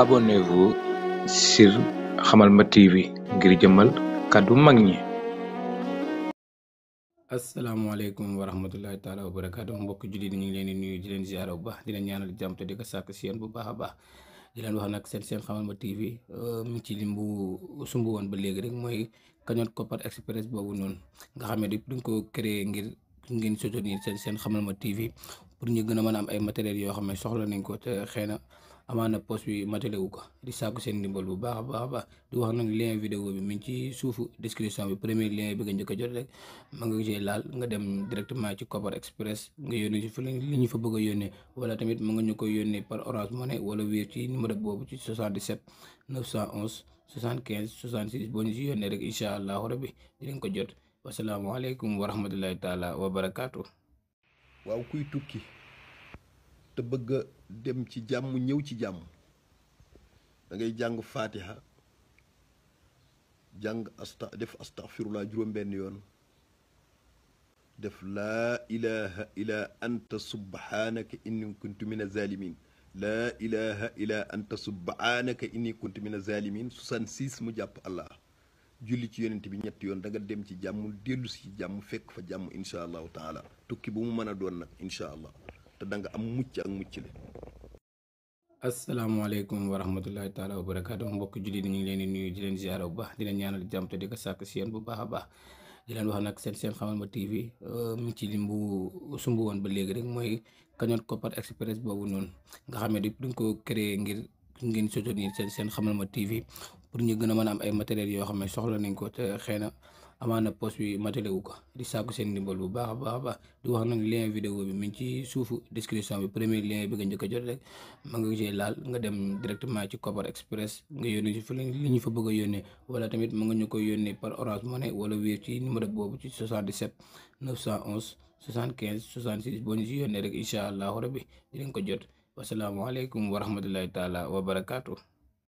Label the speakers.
Speaker 1: Abonnez-vous sur Hamalma TV ngir jëmbal kàddu mag ñi. asalaamaaleykum wa rahmatullahi taala wa barakaatu mbokk jullit ñu ngi leen di nuyu di leen ziara bu baax di leen ñaanal jàmm te di ko sàkk bu baax a baax di leen wax nag seen seen Hamalma TV euh, mu ngi ci lim bu woon ba léegi rek mooy cagnotte Kopar Express boobu noonu nga xam ne dañ ko créé ngir ngeen soutenir seen seen Hamalma TV pour ñu gën a mën am ay matériel yoo xam ne soxla nañ ko te xëy na amaana post bi matériel wu ko di sàkku seen ndimbal bu baax a baax a baax wax nag lien vidéo bi mi ngi ci suufu description bi premier lien bi nga njëkk a jot rek ma nga gisee laal nga dem directement ci Copper Express nga yónnee ci fu li ñu fa bëgg a yónnee wala tamit ma nga ñu koy yónnee par Orange Money wala wéer ci numéro boobu ci 77 911 75 66 boo ñu si yónnee rek incha allahu rabbi dinañ ko jot wasalaamaaleykum wa rahmatullahi taala wa barakaatu.
Speaker 2: waaw kuy tukki te bëgg a dem ci jàmm ñëw ci jàmm dangay jàng faatiha jàng asta def astaxfirullah juróom-benn yoon def laa ilaha illa anta subhanaka inni kuntu min azalimin laa ilaha illa anta subhanaka inni kuntu min azalimin 66 mu jàpp allah julli ci yonent bi ñetti yoon danga nga dem ci jàmm dellu si jàmm fekk fa jàmm incha allahu taala tukki bu mu mën a doon nag incha allah te da nga am mucc ak mucc le
Speaker 1: asalaamaaleykum wa rahmatullahi taala wa barakaatu mbokk julli ni ñu ngi leen di nuyu di leen ziara bu baax di leen ñaanal jàmm te di ko sàkk si yéen bu baax a baax di leen wax nag seen seen xamal ma TV euh, mi ci limbu bu woon ba léegi rek mooy cagnotte Kopar Express boobu noonu nga xam ne duñ ko créé ngir ngeen soutenir seen seen xamal ma TV pour ñu gën a mën am ay matériels yoo xam ne soxla nañ ko te xëy na amaana post bi matériel wu ko di sàkku seen ndimbal bu baax a baax a di wax na lien vidéo bi mu ngi ci suufu description bi premier lien bi nga njëkk a jot rek ma nga gisee laal nga dem directement ci Copper Express nga yónnee ci fële li ñu fa bëgg a yónnee wala tamit mu nga ñu ko yónnee par Orange Money wala wéer ci numéro boobu ci 77 911 75 66 boo ñu si yónnee rek bi allahu rabbi dinañ ko jot wasalaamaaleykum wa rahmatullahi taala wa barakaatu.